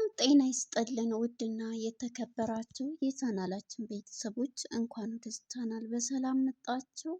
ሰላም ጤና ይስጥልን ውድና የተከበራችሁ የቻናላችን ቤተሰቦች እንኳን ወደ ቻናል በሰላም መጣችሁ።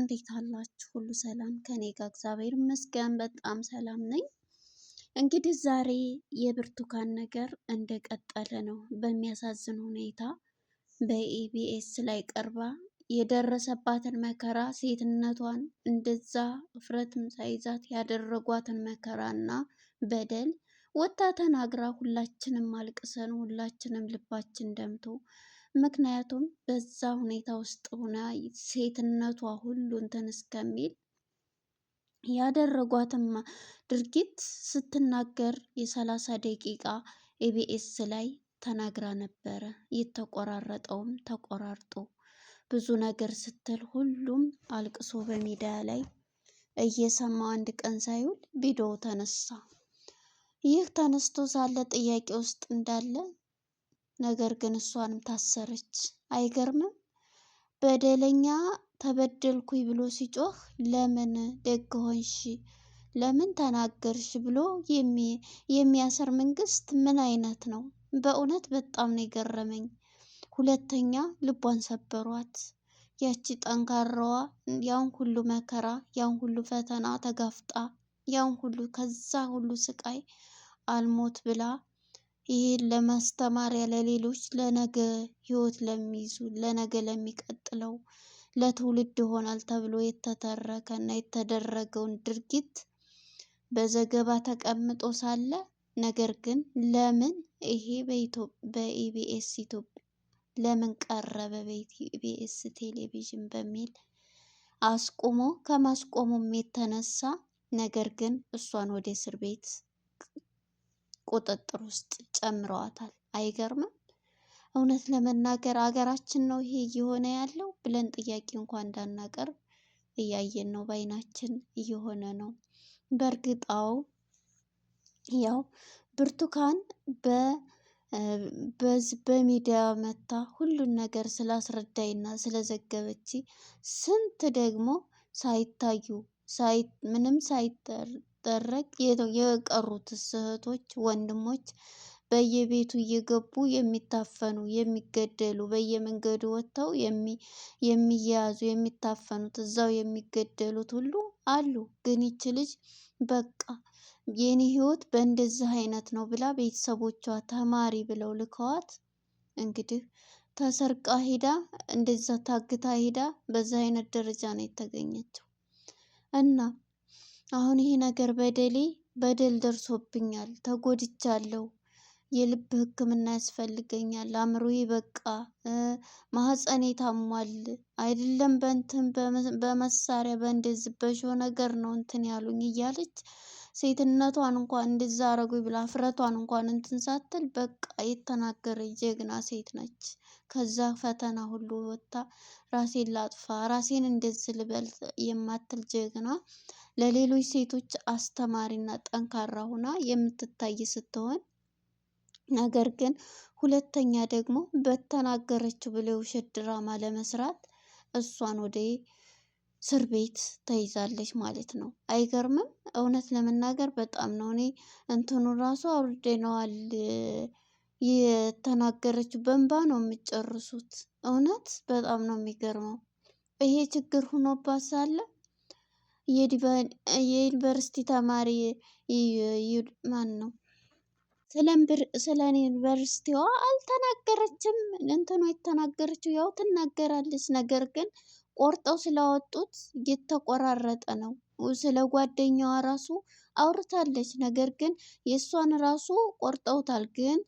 እንዴት አላችሁ? ሁሉ ሰላም ከኔ ጋር እግዚአብሔር ይመስገን በጣም ሰላም ነኝ። እንግዲህ ዛሬ የብርቱካን ነገር እንደቀጠለ ነው። በሚያሳዝን ሁኔታ በኢቢኤስ ላይ ቀርባ የደረሰባትን መከራ ሴትነቷን እንደዛ እፍረትም ሳይዛት ያደረጓትን መከራና በደል ወታ ተናግራ ሁላችንም አልቅሰን ሁላችንም ልባችን ደምቶ ምክንያቱም በዛ ሁኔታ ውስጥ ሆና ሴትነቷ ሁሉ እንትን እስከሚል ድርጊት ስትናገር የሰላሳ ደቂቃ ኤቢኤስ ላይ ተናግራ ነበረ። የተቆራረጠውም ተቆራርጦ ብዙ ነገር ስትል ሁሉም አልቅሶ በሜዳ ላይ እየሰማ አንድ ቀን ሳይውል ቪዲዮ ተነሳ። ይህ ተነስቶ ሳለ ጥያቄ ውስጥ እንዳለ ነገር ግን እሷንም ታሰረች። አይገርምም? በደለኛ ተበደልኩኝ ብሎ ሲጮህ ለምን ደግ ሆንሽ፣ ለምን ተናገርሽ ብሎ የሚያሰር መንግስት ምን አይነት ነው? በእውነት በጣም ነው የገረመኝ። ሁለተኛ ልቧን ሰበሯት። ያቺ ጠንካራዋ ያን ሁሉ መከራ ያን ሁሉ ፈተና ተጋፍጣ ያን ሁሉ ከዛ ሁሉ ስቃይ አልሞት ብላ ይህን ለማስተማሪያ ለሌሎች ለነገ ህይወት ለሚይዙ ለነገ ለሚቀጥለው ለትውልድ ይሆናል ተብሎ የተተረከ እና የተደረገውን ድርጊት በዘገባ ተቀምጦ ሳለ ነገር ግን ለምን ይሄ በኢቢኤስ ኢትዮጵያ ለምን ቀረበ በኢቢኤስ ቴሌቪዥን በሚል አስቆሞ ከማስቆሙም የተነሳ ነገር ግን እሷን ወደ እስር ቤት ቁጥጥር ውስጥ ጨምረዋታል። አይገርምም? እውነት ለመናገር አገራችን ነው ይሄ እየሆነ ያለው ብለን ጥያቄ እንኳን እንዳናቀርብ እያየን ነው፣ በአይናችን እየሆነ ነው። በእርግጣው ያው ብርቱካን በ በሚዲያ መታ ሁሉን ነገር ስላስረዳይና ስለዘገበች ስንት ደግሞ ሳይታዩ ምንም ሳይደረግ የቀሩት እህቶች፣ ወንድሞች በየቤቱ እየገቡ የሚታፈኑ የሚገደሉ፣ በየመንገዱ ወጥተው የሚያያዙ የሚታፈኑት፣ እዛው የሚገደሉት ሁሉ አሉ። ግን ይች ልጅ በቃ የኔ ህይወት በእንደዚህ አይነት ነው ብላ ቤተሰቦቿ ተማሪ ብለው ልከዋት እንግዲህ ተሰርቃ ሂዳ እንደዛ ታግታ ሂዳ በዛ አይነት ደረጃ ነው የተገኘችው። እና አሁን ይሄ ነገር በደሌ በደል ደርሶብኛል፣ ተጎድቻለሁ፣ የልብ ሕክምና ያስፈልገኛል፣ አእምሮዬ በቃ ማህፀኔ ታሟል፣ አይደለም በእንትን በመሳሪያ በእንደዚህ በሾ ነገር ነው እንትን ያሉኝ እያለች ሴትነቷን እንኳን እንደዛ አረጉኝ ብላ ፍረቷን እንኳን እንትን ሳትል በቃ የተናገረ ጀግና ሴት ነች። ከዛ ፈተና ሁሉ ወጥታ ራሴን ላጥፋ ራሴን እንደዚ ልበል የማትል ጀግና ለሌሎች ሴቶች አስተማሪና ጠንካራ ሆና የምትታይ ስትሆን ነገር ግን ሁለተኛ ደግሞ በተናገረችው ብለው ውሸት ድራማ ለመስራት እሷን ወደ እስር ቤት ተይዛለች ማለት ነው። አይገርምም? እውነት ለመናገር በጣም ነው እኔ እንትኑ ራሱ አውርደነዋል። የተናገረችው በእንባ ነው የምጨርሱት። እውነት በጣም ነው የሚገርመው። ይሄ ችግር ሁኖባት ሳለ የዩኒቨርሲቲ ተማሪ ማን ነው ስለ ዩኒቨርሲቲዋ አልተናገረችም። እንትኗ የተናገረችው ያው ትናገራለች፣ ነገር ግን ቆርጠው ስላወጡት እየተቆራረጠ ነው። ስለ ጓደኛዋ ራሱ አውርታለች። ነገር ግን የእሷን ራሱ ቆርጠውታል። ግን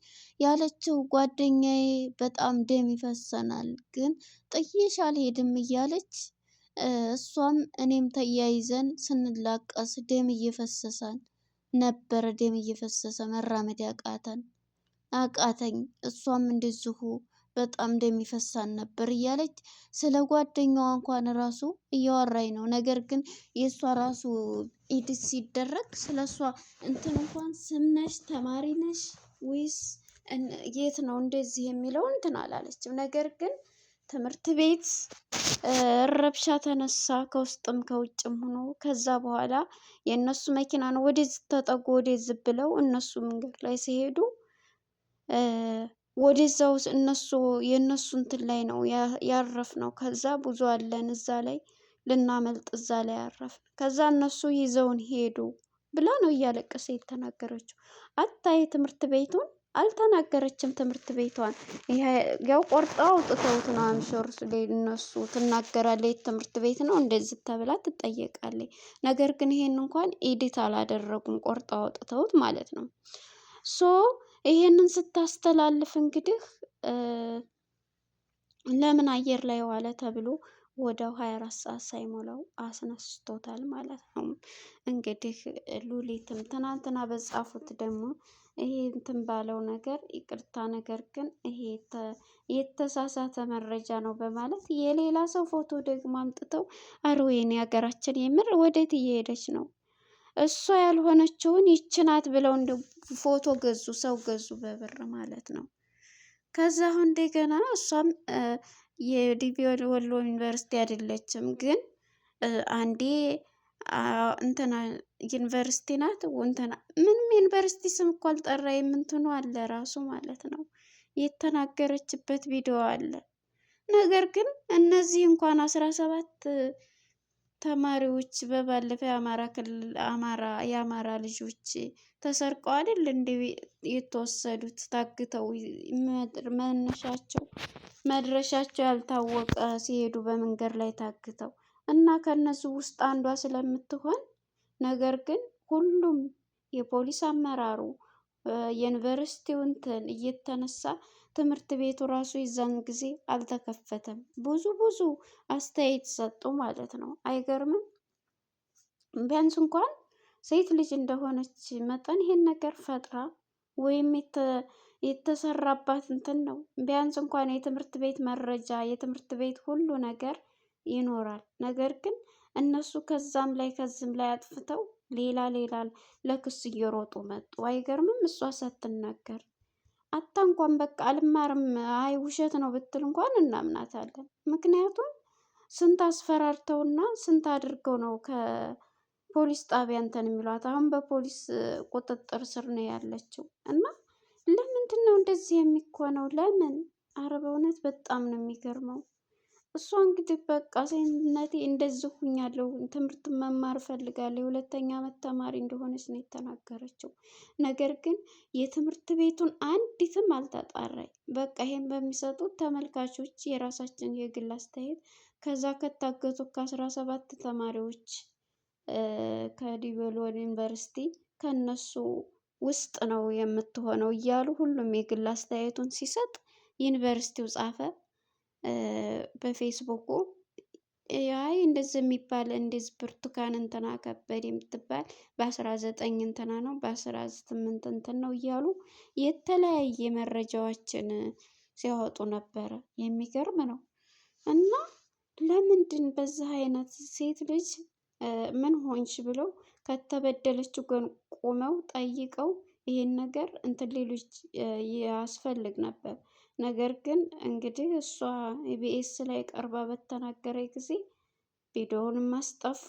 ያለችው ጓደኛዬ በጣም ደም ይፈሰናል፣ ግን ጥይሽ አልሄድም እያለች እሷም እኔም ተያይዘን ስንላቀስ ደም እየፈሰሰን ነበረ። ደም እየፈሰሰ መራመድ አቃተን አቃተኝ። እሷም እንደዚሁ በጣም እንደሚፈሳን ነበር እያለች ስለ ጓደኛዋ እንኳን ራሱ እያወራኝ ነው። ነገር ግን የእሷ ራሱ ኢድት ሲደረግ ስለ እሷ እንትን እንኳን ስም ነሽ፣ ተማሪ ነሽ ወይስ የት ነው እንደዚህ የሚለው እንትን አላለችም። ነገር ግን ትምህርት ቤት ረብሻ ተነሳ፣ ከውስጥም ከውጭም ሆኖ ከዛ በኋላ የእነሱ መኪና ነው ወደዚህ ተጠጉ ወደዚህ ብለው እነሱ መንገድ ላይ ሲሄዱ ወደዛው እነሱ የእነሱ እንትን ላይ ነው ያረፍ ነው። ከዛ ብዙ አለን እዛ ላይ ልናመልጥ እዛ ላይ ያረፍ። ከዛ እነሱ ይዘውን ሄዱ ብላ ነው እያለቀሰ የተናገረችው። አታይ ትምህርት ቤቱን አልተናገረችም። ትምህርት ቤቷን ያው ቆርጠው አውጥተውት ነው አንሶር እነሱ ትናገራለች። ትምህርት ቤት ነው እንደዚህ ተብላ ትጠየቃለች። ነገር ግን ይሄን እንኳን ኤዲት አላደረጉም። ቆርጠው አውጥተውት ማለት ነው ሶ ይሄንን ስታስተላልፍ እንግዲህ ለምን አየር ላይ ዋለ ተብሎ ወደ 24 ሰዓት ሳይሞላው አስነስቶታል ማለት ነው። እንግዲህ ሉሊትም ትናንትና በጻፉት ደግሞ ይሄ እንትን ባለው ነገር ይቅርታ፣ ነገር ግን ይሄ የተሳሳተ መረጃ ነው በማለት የሌላ ሰው ፎቶ ደግሞ አምጥተው፣ አረ ወይኔ ሀገራችን የምር ወዴት እየሄደች ነው? እሷ ያልሆነችውን ይችናት ብለው እንደ ፎቶ ገዙ፣ ሰው ገዙ በብር ማለት ነው። ከዛ አሁን እንደገና እሷም የዲቪ ወሎ ዩኒቨርሲቲ አይደለችም፣ ግን አንዴ እንትና ዩኒቨርሲቲ ናት እንትና ምንም ዩኒቨርሲቲ ስም እኮ አልጠራ የምንትኑ አለ ራሱ ማለት ነው። የተናገረችበት ቪዲዮ አለ። ነገር ግን እነዚህ እንኳን አስራ ሰባት ተማሪዎች በባለፈ የአማራ ክልል አማራ የአማራ ልጆች ተሰርቀው አይደል እንደ የተወሰዱት ታግተው መነሻቸው መድረሻቸው ያልታወቀ ሲሄዱ በመንገድ ላይ ታግተው እና ከእነሱ ውስጥ አንዷ ስለምትሆን ነገር ግን ሁሉም የፖሊስ አመራሩ የዩኒቨርሲቲው እንትን እየተነሳ ትምህርት ቤቱ ራሱ የዛን ጊዜ አልተከፈተም። ብዙ ብዙ አስተያየት ሰጡ ማለት ነው። አይገርምም? ቢያንስ እንኳን ሴት ልጅ እንደሆነች መጠን ይሄን ነገር ፈጥራ ወይም የተሰራባት እንትን ነው። ቢያንስ እንኳን የትምህርት ቤት መረጃ የትምህርት ቤት ሁሉ ነገር ይኖራል። ነገር ግን እነሱ ከዛም ላይ ከዝም ላይ አጥፍተው ሌላ ሌላ ለክስ እየሮጡ መጡ። አይገርምም? እሷ ሳትናገር አታ እንኳን በቃ አልማርም አይ ውሸት ነው ብትል እንኳን እናምናታለን። ምክንያቱም ስንት አስፈራርተውና ስንት አድርገው ነው ከፖሊስ ጣቢያ እንትን የሚሏት። አሁን በፖሊስ ቁጥጥር ስር ነው ያለችው እና ለምንድን ነው እንደዚህ የሚኮነው? ለምን? አረ በእውነት በጣም ነው የሚገርመው። እሷ እንግዲህ በቃ ሴትነቴ እንደዚህ ሁኛለሁ፣ ትምህርት መማር እፈልጋለሁ፣ የሁለተኛ ዓመት ተማሪ እንደሆነች ነው የተናገረችው። ነገር ግን የትምህርት ቤቱን አንዲትም አልተጣራኝ። በቃ ይሄን በሚሰጡት ተመልካቾች የራሳችን የግል አስተያየት ከዛ ከታገቱ ከአስራ ሰባት ተማሪዎች ከዲበሎ ዩኒቨርሲቲ ከነሱ ውስጥ ነው የምትሆነው እያሉ ሁሉም የግል አስተያየቱን ሲሰጥ ዩኒቨርሲቲው ጻፈ። በፌስቡኩ አይ እንደዚህ የሚባል እንደዚህ ብርቱካን እንትና ከበድ የምትባል በአስራ ዘጠኝ እንትና ነው በአስራ ስምንት እንትን ነው እያሉ የተለያየ መረጃዎችን ሲያወጡ ነበረ። የሚገርም ነው። እና ለምንድን በዚህ አይነት ሴት ልጅ ምን ሆንሽ ብለው ከተበደለች ጎን ቆመው ጠይቀው ይህን ነገር እንትን ሌሎች ያስፈልግ ነበር። ነገር ግን እንግዲህ እሷ ኢቢኤስ ላይ ቀርባ በተናገረ ጊዜ ቪዲዮውን ማስጠፉ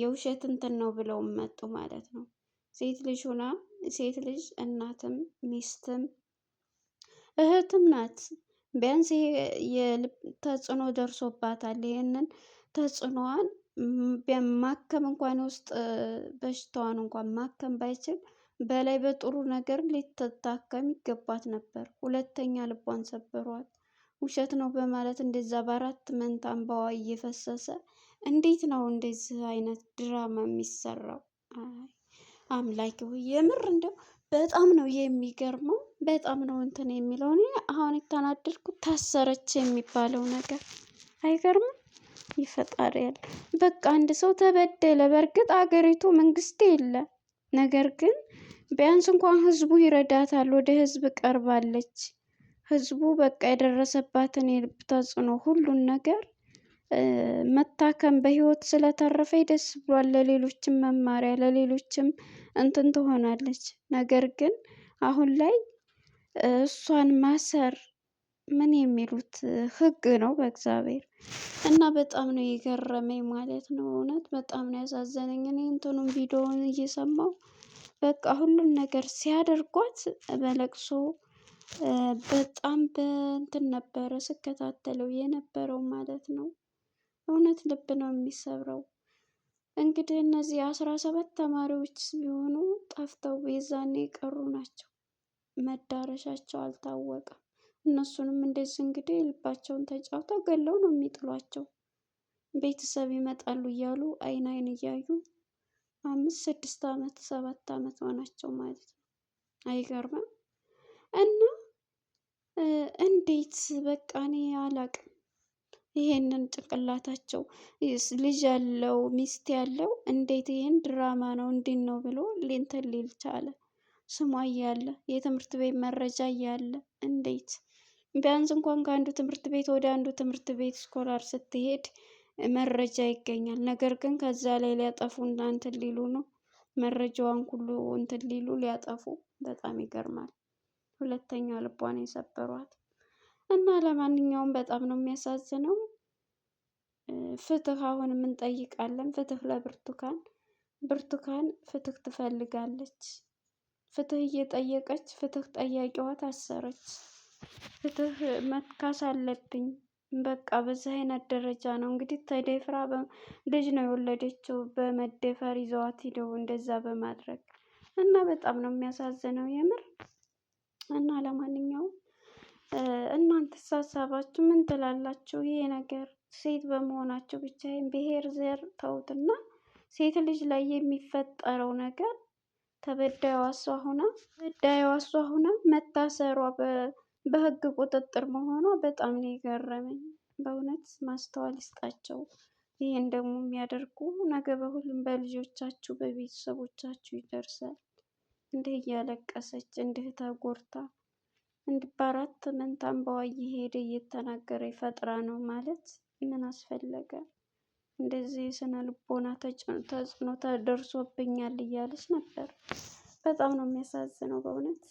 የውሸት እንትን ነው ብለው መጡ ማለት ነው። ሴት ልጅ ሆና ሴት ልጅ እናትም ሚስትም እህትም ናት። ቢያንስ ይሄ የልብ ተጽዕኖ ደርሶባታል። ይህንን ተጽዕኖዋን ማከም እንኳን ውስጥ በሽታዋን እንኳን ማከም ባይችል በላይ በጥሩ ነገር ልትታከም ይገባት ነበር። ሁለተኛ ልቧን ሰብሯል። ውሸት ነው በማለት እንደዛ በአራት መንታ እንባዋ እየፈሰሰ እንዴት ነው እንደዚህ አይነት ድራማ የሚሰራው? አምላኪ ሆይ የምር እንደው በጣም ነው የሚገርመው። በጣም ነው እንትን የሚለው እኔ አሁን የተናደድኩት ታሰረች የሚባለው ነገር አይገርምም? ይፈጣሪያል በቃ አንድ ሰው ተበደለ። በእርግጥ አገሪቱ መንግስት የለ ነገር ግን ቢያንስ እንኳን ህዝቡ ይረዳታል። ወደ ህዝብ ቀርባለች። ህዝቡ በቃ የደረሰባትን የልብ ተጽዕኖ ሁሉን ነገር መታከም በህይወት ስለተረፈ ደስ ብሏል። ለሌሎችም መማሪያ ለሌሎችም እንትን ትሆናለች። ነገር ግን አሁን ላይ እሷን ማሰር ምን የሚሉት ህግ ነው በእግዚአብሔር እና በጣም ነው የገረመኝ ማለት ነው። እውነት በጣም ነው ያሳዘነኝ። እኔ እንትኑን ቪዲዮውን እየሰማሁ በቃ ሁሉን ነገር ሲያደርጓት በለቅሶ በጣም በእንትን ነበረ ስከታተለው የነበረው ማለት ነው። እውነት ልብ ነው የሚሰብረው። እንግዲህ እነዚህ አስራ ሰባት ተማሪዎች ቢሆኑ ጠፍተው የዛኔ የቀሩ ናቸው። መዳረሻቸው አልታወቀም። እነሱንም እንደዚህ እንግዲህ ልባቸውን ተጫውተው ገለው ነው የሚጥሏቸው። ቤተሰብ ይመጣሉ እያሉ አይን አይን እያዩ አምስት ስድስት አመት ሰባት አመት ሆናቸው ማለት ነው። አይገርምም? እና እንዴት በቃ እኔ አላቅም። ይሄንን ጭንቅላታቸው ልጅ ያለው ሚስት ያለው እንዴት ይሄን ድራማ ነው እንዲን ነው ብሎ ሊንተን ሊል ቻለ? ስሟ እያለ የትምህርት ቤት መረጃ እያለ እንዴት ቢያንስ እንኳን ከአንዱ ትምህርት ቤት ወደ አንዱ ትምህርት ቤት ስኮላር ስትሄድ መረጃ ይገኛል። ነገር ግን ከዛ ላይ ሊያጠፉ እና እንትን ሊሉ ነው መረጃዋን ሁሉ እንትን ሊሉ ሊያጠፉ፣ በጣም ይገርማል። ሁለተኛ ልቧን የሰበሯት እና ለማንኛውም በጣም ነው የሚያሳዝነው። ፍትህ አሁንም እንጠይቃለን። ፍትህ ለብርቱካን ብርቱካን ፍትህ ትፈልጋለች። ፍትህ እየጠየቀች ፍትህ ጠያቂዋ ታሰረች። ፍትህ መካስ አለብኝ። በቃ በዚህ አይነት ደረጃ ነው እንግዲህ ተደፍራ ልጅ ነው የወለደችው። በመደፈር ይዘዋት ሂደው እንደዛ በማድረግ እና በጣም ነው የሚያሳዝነው የምር እና ለማንኛውም እናንተስ ሳሳባችሁ ምን ትላላችሁ? ይሄ ነገር ሴት በመሆናቸው ብቻ ብሔር፣ ዘር ተውትና ሴት ልጅ ላይ የሚፈጠረው ነገር ተበዳይዋ እሷ ሁና እሷ መታሰሯ በህግ ቁጥጥር መሆኗ በጣም ነው የገረመኝ። በእውነት ማስተዋል ይስጣቸው። ይህን ደግሞ የሚያደርጉ ነገ በሁሉም በልጆቻችሁ በቤተሰቦቻችሁ ይደርሳል። እንዲህ እያለቀሰች እንዲህ ተጎድታ እንዲህ በአራት መንታ እንባዋ እየሄደ እየተናገረ ፈጥራ ነው ማለት ምን አስፈለገ? እንደዚህ የስነ ልቦና ተጽዕኖ ተደርሶብኛል እያለች ነበር። በጣም ነው የሚያሳዝነው በእውነት።